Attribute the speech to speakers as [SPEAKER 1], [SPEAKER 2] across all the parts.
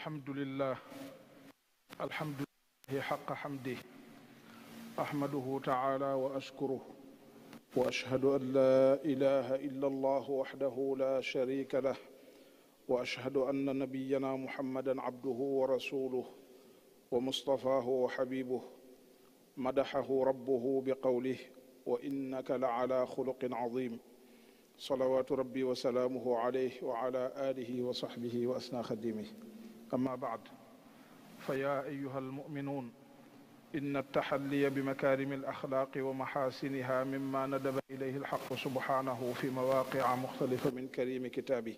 [SPEAKER 1] alhamdulillah alhamdulillahi xaqa xamdi ahmaduhu taala wa ashkuruh wa ashhadu an la ilaha illa allah waxdahu la sharika lah wa ashhadu anna nabiyana muhammadan abduhu wa rasuluh wa mustafahu wa xabibuh madaxahu rabbuhu biqawlih wa innaka la ala xuluqin azim salawaatu rabbi wa salaamuhu alayhi wa ala alihi wa sahbihi wa asna xadimih أما بعد فيا أيها المؤمنون إن التحلي بمكارم الأخلاق ومحاسنها مما ندب إليه الحق سبحانه في مواقع مختلفة من كريم كتابه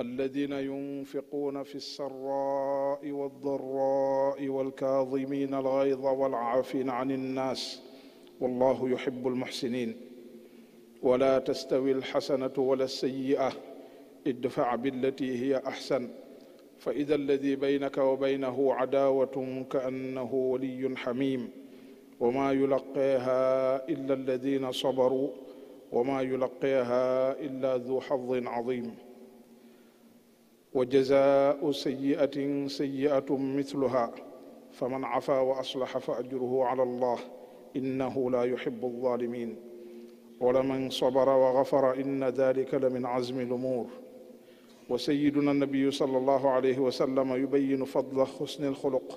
[SPEAKER 1] الذين ينفقون في السراء والضراء والكاظمين الغيظ والعافين عن الناس والله يحب المحسنين ولا تستوي الحسنة ولا السيئة ادفع بالتي هي أحسن فإذا الذي بينك وبينه عداوة كأنه ولي حميم وما يلقيها إلا الذين صبروا وما يلقيها إلا ذو حظ عظيم وجزاء سيئة سيئة مثلها فمن عفا وأصلح فأجره على الله إنه لا يحب الظالمين ولمن صبر وغفر إن ذلك لمن عزم الأمور wa sayiduna nabiyu sallallahu alayhi wa sallama yubayinu fadla xusni alxuluq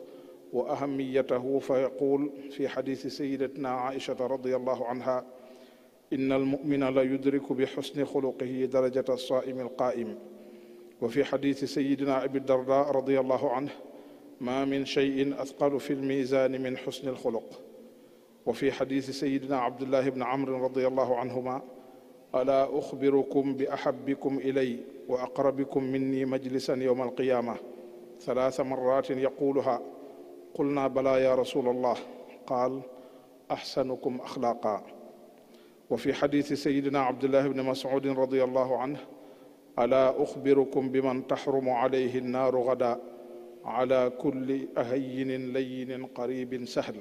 [SPEAKER 1] wa ahamiyatahu fa yaquul fi xadiisi sayidatina aishata radiallahu anha inna almumina la yudriku bi xusni xuluqihi darajata alsaaimi alqaaim wa fi xadiisi sayidina abi darda radiallahu anhu ma min cheyin athqalu fi lmisaani min xusni alxuluq wa fi xadiisi sayidina abdullahi bni amrin radiallahu anhuma alaa uxbirukum bi ahabikum ilay wa aqrabikum minni majlisan yowma alqiyama salaasa maratin yaquluha qulna bala ya rasul allah qaal axsanukum axlaqa wa fi xaditi sayidina abdullah ibni masudin radi allahu anh ala uxbirukum biman taxrumu alayhi annaaru gada ala kulli ahayinin layinin qaribin sahl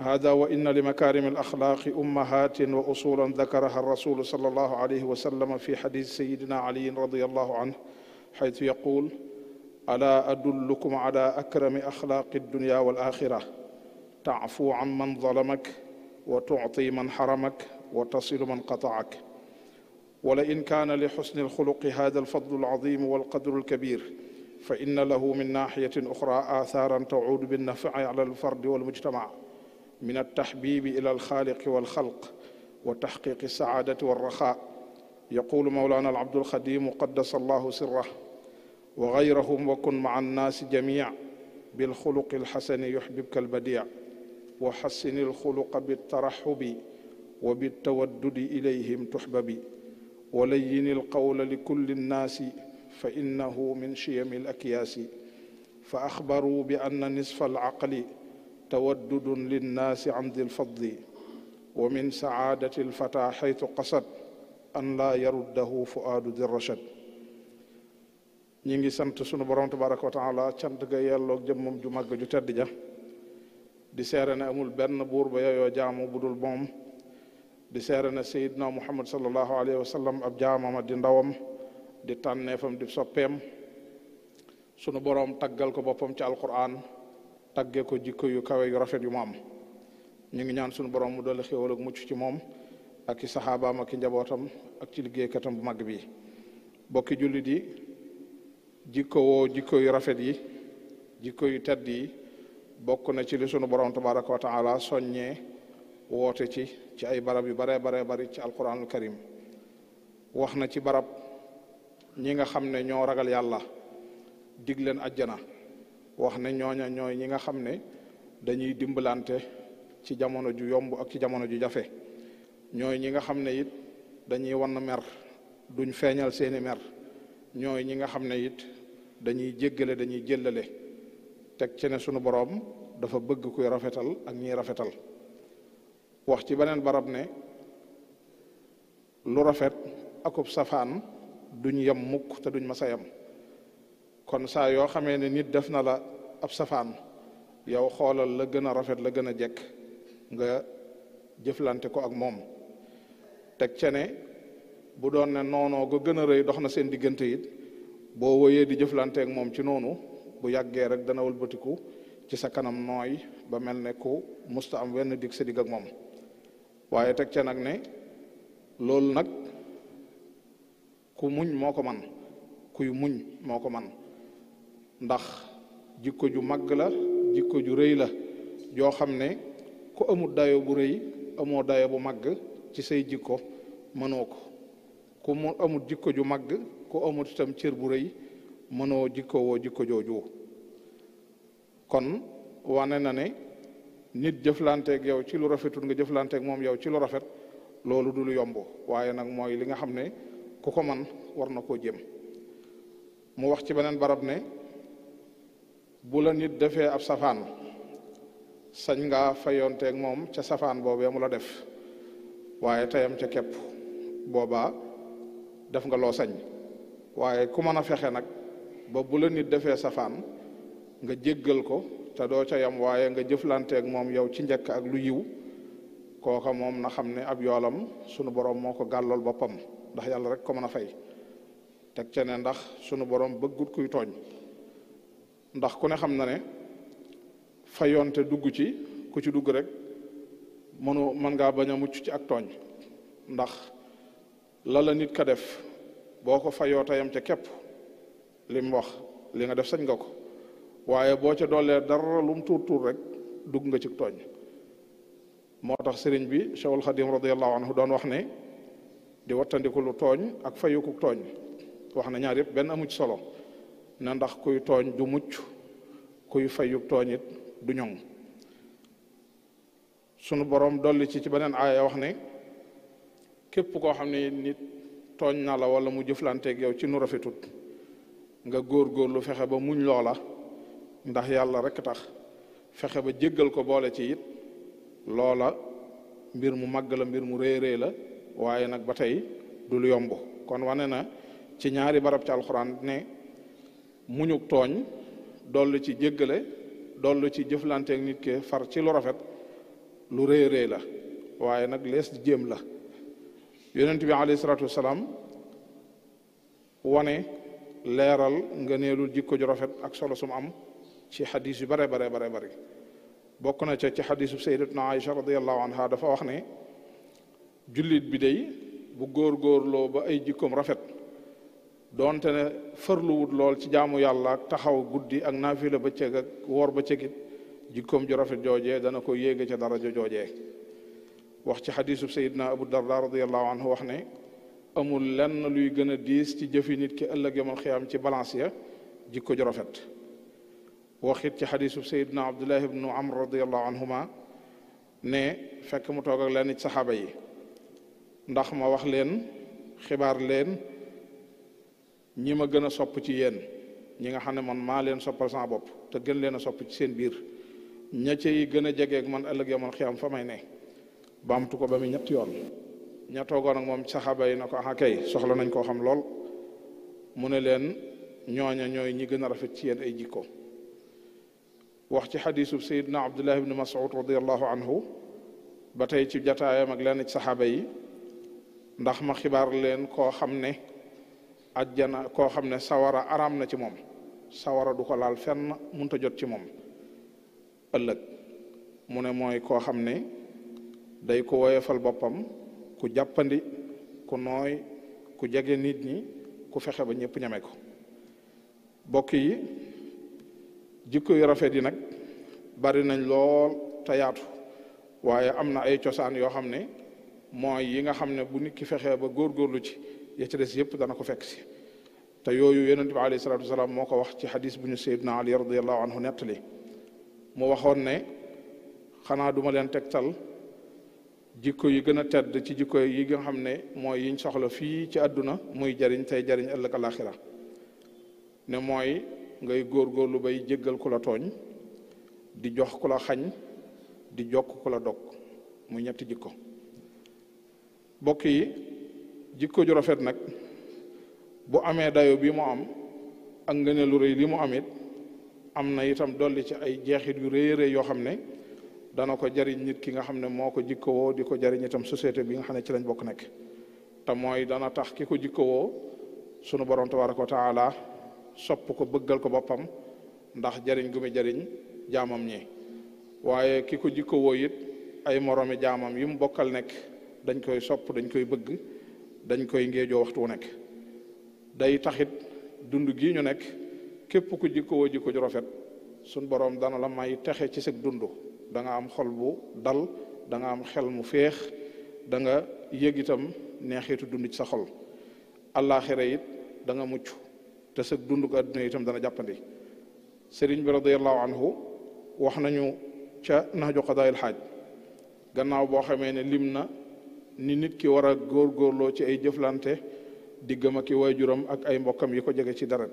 [SPEAKER 1] هذا وإن لمكارم الأخلاق أمهات وأصولا ذكرها الرسول صلى الله عليه وسلم في حديث سيدنا علي رضي الله عنه حيث يقول ألا أدلكم على أكرم أخلاق الدنيا والآخرة تعفو عن من ظلمك وتعطي من حرمك وتصل من قطعك ولئن كان لحسن الخلق هذا الفضل العظيم والقدر الكبير فإن له من ناحية أخرى آثارا تعود بالنفع على الفرد والمجتمع min altahbibi ila alxaaliqi walxalq wa taxqiqi alsaadati walraxa yaqulu mawlana alabdulxadimu qaddasa allahu sirrah wa gayrahum wa kun maa annaasi jamii bilxuluqi alxasani yuxbibka albadii wa xassini alxuluqa bittaraxubi wa bittawaddudi ilayhim tuxbabi wa layyini alqawla likulli nnaasi fa innahu min shiyami alakiyaasi fa axbaruu bi anna nisfa alcaqli tawaddudun linnaasi an di lfadli wa min saadati lfata xaytu qasad an laa yaruddahu fuaadu di rachad ñi ngi sant sunu borom tabaraka wa taala cant ga yelloog jëmmam ju màgg ju tedd ja di seere ne amul benn buur ba yooyoo jaamu bu dul moom di seere na sayidna muhammad salallahu alayhi wa sallam ab jaamama di ndawam di tànneefam di soppeem sunu borom taggal ko boppam ci alquran tagge ko jikko yu kawe yu rafet yu mu am ñu ngi ñaan sunu borom mu dolli xéwal mucc ci moom ak i saxaabaam ak njabootam ak ci liggéeykatam bu mag bi bokki jullit yi jikko woo jikko yu rafet yi jikko yu tedd yi bokk na ci li sunu borom tabaraka wa taala soññee woote ci ci ay barab yu baree baree bari ci alquranul karim wax na ci barab ñi nga xam ne ñoo ragal yàlla digleen leen ajjana wax ne ñooña ñooy ñi nga xam ne dañuy dimbalante ci jamono ju yomb ak ci jamono ju jafe ñooy ñi nga xam ne it dañuy wan mer duñ feeñal seeni mer ñooy ñi nga xam ne it dañuy jéggale dañuy jëllale teg ci ne sunu boroom dafa bëgg kuy rafetal ak ñiy rafetal wax ci beneen barab ne lu rafet akub safaan duñ yem mukk te duñ masa yem kon saa yoo xamee ne nit def na la ab safaan yow xoolal la gën a rafet la gën a jekk nga jëflante ko ak moom teg ca ne bu doon ne noonoo ga gën a rëy dox na seen diggante it boo woyee di jëflante ak moom ci noonu bu yàggee rek dana wëlbatiku ci sa kanam nooy ba mel ne ku musta am wenn dig sa dig ak moom waaye teg ca nag ne loolu nag ku muñ moo ko man kuy muñ moo ko man ndax jikko ju màgg la jikko ju rëy la joo xam ne ku amul dayo bu rëy amoo dayo bu màgg ci say jikko mënoo ko ku mu amul jikko ju màgg ku amul itam cër bu rëy mënoo jikko woo jikko jooju kon wane na ne nit jëflanteeg yow ci lu rafetul nga jëflanteeg moom yow ci lu rafet loolu dul yomb waaye nag mooy li nga xam ne ku ko man war na koo jëm mu wax ci beneen barab ne bu la nit defee ab safaan sañ nga fayonteeg moom ca safaan boobee mu la def waaye tayam ca képp boobaa def nga loo sañ waaye ku mën a fexe nag ba bu la nit defee safaan nga jéggal ko te doo ca yam waaye nga jëflanteeg moom yow ci njëkk ak lu yiw kooka moom na xam ne ak yoolam sunu borom moo ko gàllool boppam ndax yàlla rek ko mën a fay teg ca ne ndax sunu borom bëggut kuy tooñ ndax ku ne xam na ne fayonte dugg ci ku ci dugg rek mënu mën ngaa bañ a mucc ci ak tooñ ndax la la nit ka def boo ko fayoo tayam ca kepp li mu wax li nga def sañ nga ko waaye boo ca doolee dara lum mu tuur tuur rek dugg nga ci tooñ moo tax sëriñ bi Cheikhul Khadim radiallahu anhu doon wax ne di wattandiku lu tooñ ak fayuku tooñ wax na ñaar yëpp benn amu ci solo na ndax kuy tooñ du mucc kuy fayub tooñit du ñoŋ sunu boroom dolli ci ci beneen aaya wax ne képp koo xam ne nit tooñ na la wala mu jëflanteeg yow ci nu rafetut nga góor-góorlu fexe ba muñ loola ndax yàlla rek tax fexe ba jéggal ko boole ci it loola mbir mu màgg la mbir mu réeréy la waaye nag ba tey du lu yomb kon wane na ci ñaari barab ci alxuraan ne muñuk tooñ dollu ci jéggale dollu ci jëflanteek nit ke far ci lu rafet lu rëy rëy la waaye nag lees jéem la yonent bi alayhi salaatu wasalaam wane leeral nga neelul jikko ju rafet ak solo sum am ci xadis yu bare bare bare bari bokk na ca ci xadisu sayyidatuna Aïcha radiallahu anha dafa wax ne jullit bi day bu góor góorloo ba ay jikkoom rafet donte ne fërluwut lool ci jaamu yàlla ak taxaw guddi ak naafila bëccëg ak woor bëccëg it jikkoom ju rafet joojee dana ko yéege ca daraja joojee wax ci xadiisu sayidna abu darda radiallahu anhu wax ne amul lenn luy gën a diis ci jëfi nit ki ëllëg yamal xiyaam ci balance ya jikko ju rafet waxit ci xadiisu sayidna abdullahi ibnu amr radiallahu anhuma ne fekk mu toog ak lenn ci saxaaba yi ndax ma wax leen xibaar leen ñi ma gën a sopp ci yéen ñi nga xam ne man maa leen soppal sama bopp te gën leen a sopp ci seen biir ña cay gën a jegeeg man ëllëg yow man xiyam fa may ne baamtu ko ba muy ñetti yoon ña toogoon ak moom saxaaba yi na ko ah soxla nañ koo xam lool mu ne leen ñooña ñooy ñi gën a rafet ci yéen ay jikko wax ci xadisu sayidna abdullah ibni masud radiallahu anhu ba tey ci jataayam mag lenn ci saxaaba yi ndax ma xibaar leen koo xam ne ajjana koo xam ne sawara araam na ci moom sawara du ko laal fenn munta jot ci moom ëllëg mu ne mooy koo xam ne day ko woyefal boppam ku jàppandi ku nooy ku jege nit ñi ku fexe ba ñëpp ñame ko bokk yi jikko yu rafet yi nag bari nañ lool te yaatu waaye am na ay cosaan yoo xam ne mooy yi nga xam ne bu nit ki fexee ba góorgóorlu ci ya ca des yëpp dana ko fekk si te yooyu yonente bi alayhi salaatu wasalaam moo ko wax ci xadis bu ñu saydna ali radiallahu anhu nettali mu waxoon ne xanaa duma leen tegtal jikko yi gën a tedd ci jikko yi nga xam ne mooy yiñ soxla fii ci àdduna muy jariñ tey jariñ ëllëg alaxira ne mooy ngay góor góorgóorlu bay jéggal ku la tooñ di jox ku la xañ di jokk ku la dog muy ñetti jikko bokk yi jikko ju rafet nag bu amee dayo bi mu am ak ngëne lu rëy li mu am am na itam dolli ci ay jeexit yu rëy rëy yoo xam ne dana ko jariñ nit ki nga xam ne moo ko jikko woo di ko jariñ itam société bi nga xam ne ci lañ bokk nekk te mooy dana tax ki ko jikko woo sunu borom tabaraka wa taala sopp ko bëggal ko boppam ndax jariñ gu mu jariñ jamam ñi waaye ki ko jikko woo it ay moroomi jaamam yi mu bokkal nekk dañ koy sopp dañ koy bëgg dañ koy ngéejoo waxtu wu nekk day taxit dund gii ñu nekk képp ku jikkoo jikko ju rafet suñ borom dana la may texe ci sag dund da nga am xol bu dal da nga am xel mu feex da nga yëg itam neexitu dund ci sa xol àllaaxira it da nga mucc te sag dund ko adduna itam dana jàppandi sëriñ bi radiallahu anhu wax nañu ca naxju qadaayil xaaj gannaaw boo xamee ne lim na ni nit ki war a góorgóorloo ci ay jëflante diggam ak i waajuram ak ay mbokkam yi ko jege ci dara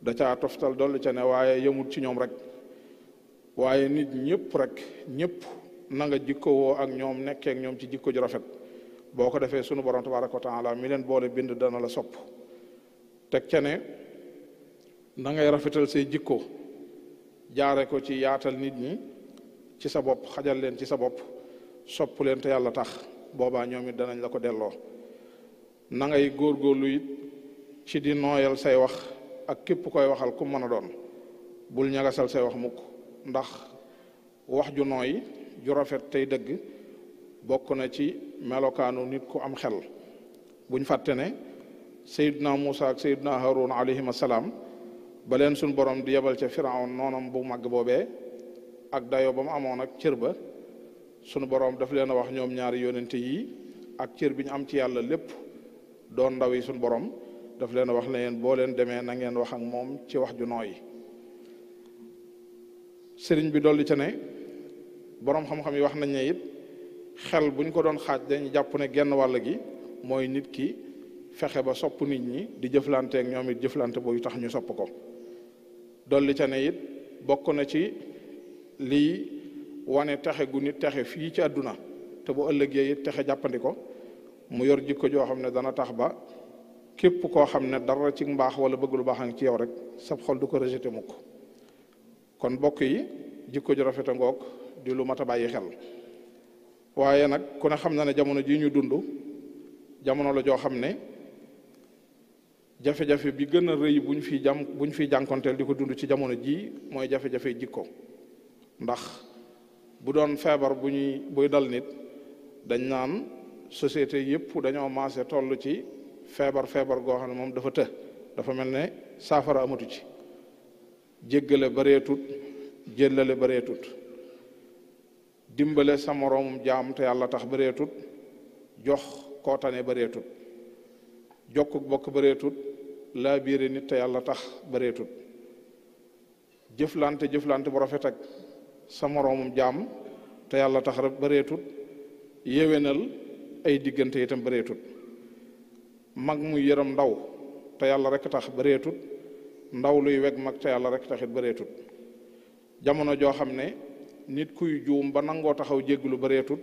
[SPEAKER 1] da caa toftal dolli ca ne waaye yemul ci ñoom rek waaye nit ñëpp rek ñëpp na nga jikko woo ak ñoom nekkee ak ñoom ci jikko ju rafet boo ko defee sunu borom tabaraka wa taala mi leen boole bind dana la sopp teg ca ne na ngay rafetal say jikko jaare ko ci yaatal nit ñi ci sa bopp xajal leen ci sa bopp sopp leen te yàlla tax boobaa ñoom danañ la ko delloo nangay góor góorgóorlu it ci di nooyal say wax ak képp koy waxal ku mën a doon bul ñagasal say wax mukk ndax wax ju nooy ju rafet tey dëgg bokk na ci melokaanu nit ku am xel buñ fàtte ne sayidna Muusa ak sayidna Haarun alayhim asalaam ba leen suñ borom di yebal ca firawn noonam bu màgg boobee ak dayo ba mu amoon ak cër ba sunu boroom dafa leen a wax ñoom ñaari yonente yi ak cër bi ñu am ci yàlla lépp doon ndaw yi sunu borom daf leen a wax ne yéen boo leen demee na ngeen wax ak moom ci wax ju nooy sëriñ bi dolli ca ne boroom xam-xam yi wax nañ ne it xel bu ñu ko doon xaaj dañuy jàpp ne genn wàll gi mooy nit ki fexe ba sopp nit ñi di jëflante ak ñoom it jëflante boobu tax ñu sopp ko dolli ca ne it bokk na ci lii. wane texe gu nit taxe fii ci àdduna te bu ëllëgee it taxe jàppandi ko mu yor jikko joo xam ne dana tax ba képp koo xam ne dara ci mbaax wala bëgg lu baax a ci yow rek sab xol du ko rejeté mukk kon mbokk yi jikko ju rafet a ngoog di lu mat a bàyyi xel waaye nag ku ne xam na ne jamono jii ñu dund jamono la joo xam ne jafe-jafe bi gën a rëy bu fi fiy jam fiy jànkonteel di ko dund ci jamono jii mooy jafe-jafe jikko ndax bu doon feebar bu ñuy buy dal nit dañ naan société yëpp dañoo maase tollu ci feebar feebar goo xam ne moom dafa të dafa mel ne saafara amatu ci jéggale bareetut jëllale bareetut dimbale sa moroomum jaam te yàlla tax bareetut jox koo tane bareetut jokk bokk bareetut laa biire nit te yàlla tax bareetut jëflante jëflante bu rafet ak sa moroomum jaam te yàlla tax rek bareetut yéwénal ay diggante itam bareetut mag muy yërëm ndaw te yàlla rek tax bareetut ndaw luy weg mag te yàlla rek taxit bareetut jamono joo xam ne nit kuy juum ba nangoo taxaw jégglu bareetut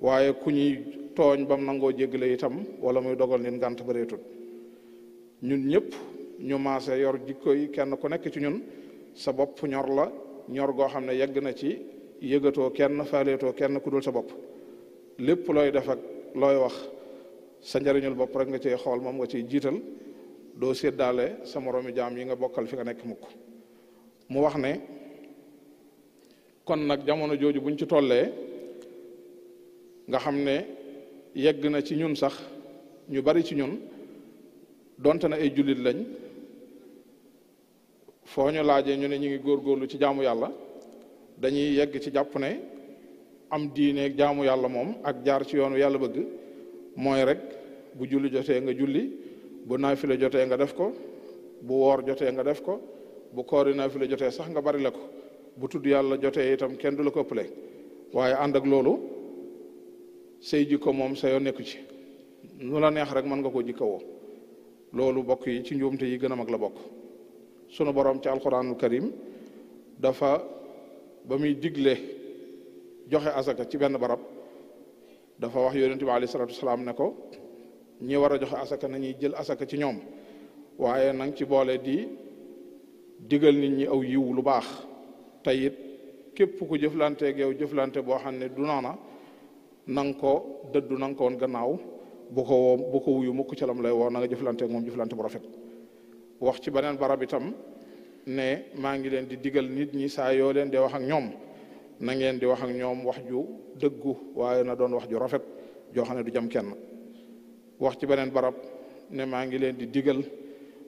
[SPEAKER 1] waaye ku ñuy tooñ bam nangoo jéggale itam wala muy dogal nit ngànt bareetut ñun ñëpp ñu maase yor jikko yi kenn ku nekk ci ñun sa bopp ñor la ñor goo xam ne yegg na ci yëgatoo kenn faaleetoo kenn ku dul sa bopp lépp looy def looy wax sa njariñul bopp rek nga cee xool moom nga ciy jiital doo séddaale sa moroomi jaam yi nga bokkal fi nga nekk mukk mu wax ne kon nag jamono jooju buñ ci tollee nga xam ne yegg na ci ñun sax ñu bari ci ñun donte na ay jullit lañ foo ñu laajee ñu ne ñu ngi góorgóorlu ci jaamu yàlla dañuy yegg ci jàpp ne am diine ak yàlla moom ak jaar ci yoonu yàlla bëgg mooy rek bu julli jotee nga julli bu naafila jotee nga def ko bu woor jotee nga def ko bu koori naafila jotee sax nga bari la ko bu tudd yàlla jotee itam kenn du la ko ëppale waaye ànd ak loolu say jikko moom sa yoo ci nu la neex rek mën nga koo jikkawoo loolu bokk yi ci njuumte yi gën a mag la bokk sunu borom ci alquranul karim dafa ba muy digle joxe asaka ci benn barab dafa wax yonente bi alayhi salatu wasalaam ne ko ñi war a joxe asaka nañuy jël asaka ci ñoom waaye nang ci boole di digal nit ñi aw yiw lu baax tey it képp ku jëflanteeg yow jëflante boo xam ne du noona na nga ko dëddu na nga ko woon gannaaw bu ko woo bu ko wuyu mukk ca lay woo na nga jëflanteeg moom jëflante bu rafet wax ci beneen barab itam ne maa ngi leen di digal nit ñi saa yoo leen di wax ak ñoom na ngeen di wax ak ñoom wax ju dëggu waaye na doon wax ju rafet joo xam ne du jam kenn wax ci beneen barab ne maa ngi leen di digal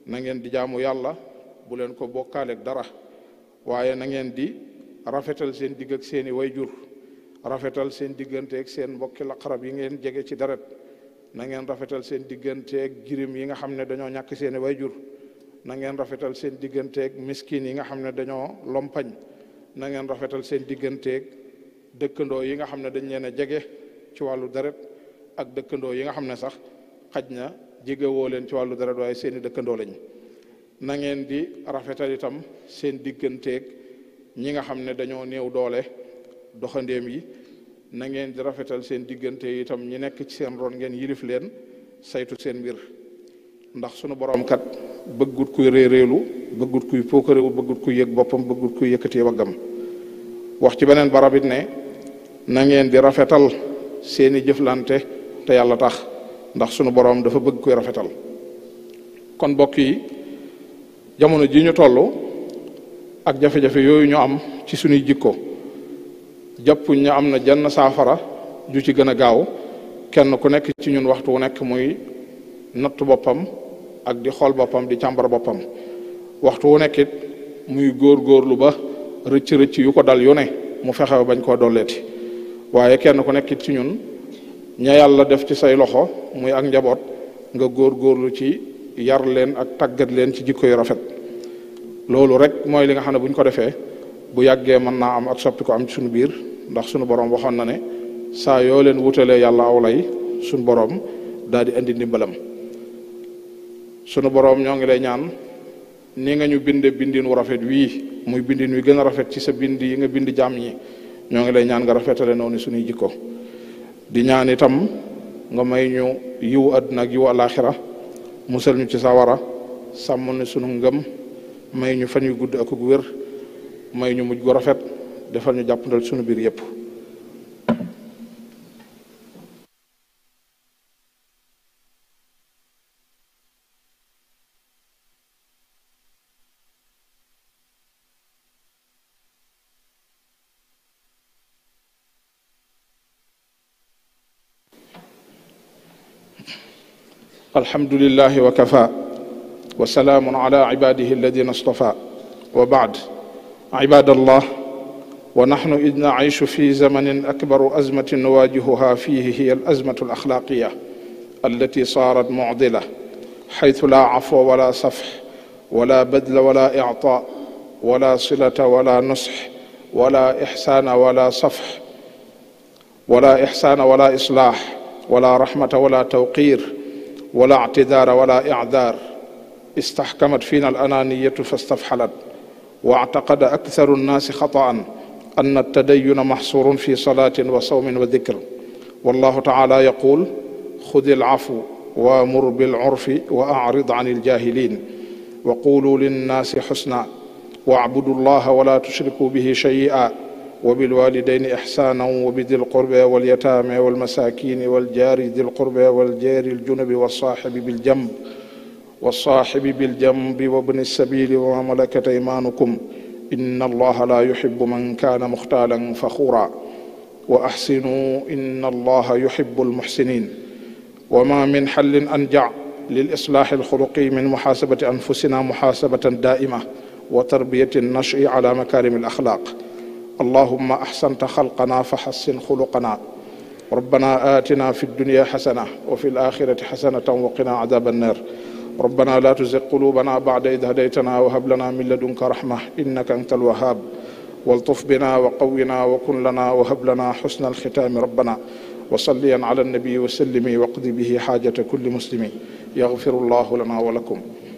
[SPEAKER 1] na ngeen di jaamu yàlla bu leen ko bokkaaleeg dara waaye na ngeen di rafetal seen digg ak seeni wayjur rafetal seen digganteeg seen mbokki laqarab yi ngeen jege ci deret na ngeen rafetal seen digganteeg jirim yi nga xam ne dañoo ñàkk seeni wayjur na ngeen rafetal seen digganteeg miskin yi nga xam ne dañoo lompañ na ngeen rafetal seen digganteeg dëkkandoo yi nga xam ne dañ leen a jege ci wàllu deret ak dëkkandoo yi nga xam ne sax xaj na jegewoo leen ci wàllu deret waaye seen dëkkandoo lañ nangeen di rafetal itam seen digganteeg ñi nga xam ne dañoo néew doole doxandéem yi na ngeen di rafetal seen diggante itam ñi nekk ci seen ron ngeen yilif leen saytu seen mbir ndax sunu borom kat bëggut kuy réeréelu bëggut kuy pookarewu bëggut kuy yëg boppam bëggut kuy yëkkati waggam wax ci beneen ba rabit ne nangeen di rafetal seeni jëflante te yàlla tax ndax sunu borom dafa bëgg koy rafetal kon mbokk yi jamono ji ñu toll ak jafe-jafe yooyu ñu am ci sunuy jikko jàppuñ ñu am na jenn saafara ju ci gën a gaaw kenn ku nekk ci ñun waxtu wu nekk muy natt boppam ak di xool boppam di càmbar boppam waxtu wu nekkit muy góor góorlu ba rëcc rëcc yu ko dal yu ne mu fexe bañ koo dolleeti waaye kenn ku nekkit ci ñun ña yàlla def ci say loxo muy ak njaboot nga góor góorlu ci yar leen ak tàggat leen ci jikko yu rafet loolu rek mooy li nga xam ne bu ko defee bu yàggee mën naa am ak soppi ko am ci suñu biir ndax suñu borom waxoon na ne saa yoo leen wutalee yàlla aw lay suñu borom daal di indi ndimbalam sunu boroom ñoo ngi lay ñaan ni nga ñu binde bindin wu rafet wii muy bindiin wi gën a rafet ci sa bind yi nga bind jàmm yi ñoo ngi lay ñaan nga rafetale noonu suñuy jikko di ñaan itam nga may ñu yiwu àdduna ak yiwu alaxira musal ñu ci sawara sàmm ni sunu ngëm may ñu fan yu gudd ak wér may ñu mujj gu rafet defal ñu jàppandal sunu biir yëpp alhamdulilahi wa kafa wa salaamun ala ibadihi alladina stafa wa baad ibadallah wa nahnu id naaichu fi zamanin akbaru azmatin nuwaajihuha fihi hiya alazmatu alaxlaaqiya allati saarat mucdila xaytu laa afwa wala safx wala badla wala ictaa wala silata wala nusx wala ixsaana wala safx wala ixsaana wala islaax wala raxmata wala tawqiir wala ictidaara wala icdaar istaxkamat fiina alananiyatu fastafxalat wa actaqada aktaru nnaasi xataan an altadayuna maxsurun fi salaatin wa sawmin wa dikr wallahu taala yaqul xudi alcafu waamur bilcurfi wa acrid can iljaahiliin wa qulu linnaasi xusna wacbudu allaha wala tushrikuu bihi shay'a وبالوالدين إحسانا وبذي القربى واليتامى والمساكين والجار ذي القربى والجار الجنب والصاحب بالجنب والصاحب بالجنب وابن السبيل وما ملكت أيمانكم إن الله لا يحب من كان مختالا فخورا وأحسنوا إن الله يحب المحسنين وما من حل أنجع للإصلاح الخلقي من محاسبة أنفسنا محاسبة دائمة وتربية النشء على مكارم الأخلاق allahuma axsanta xalqana fa xassin xuluqana rabbana atina fi dunia xasana wa fi laxirati xasanatan wa qina adaba annar rabbana la tuzig qulubana bacda id hadaytana wa hab lana min ladunka raxma innaka anta alwahab waltuf bina wa qawwina wa kun lana wa hab lana xusna alxitaami rabbana wa salliyan ala annabi wa sallimi waqdi bihi xaajata kulli muslimi yaxfiru llahu lana wa lakum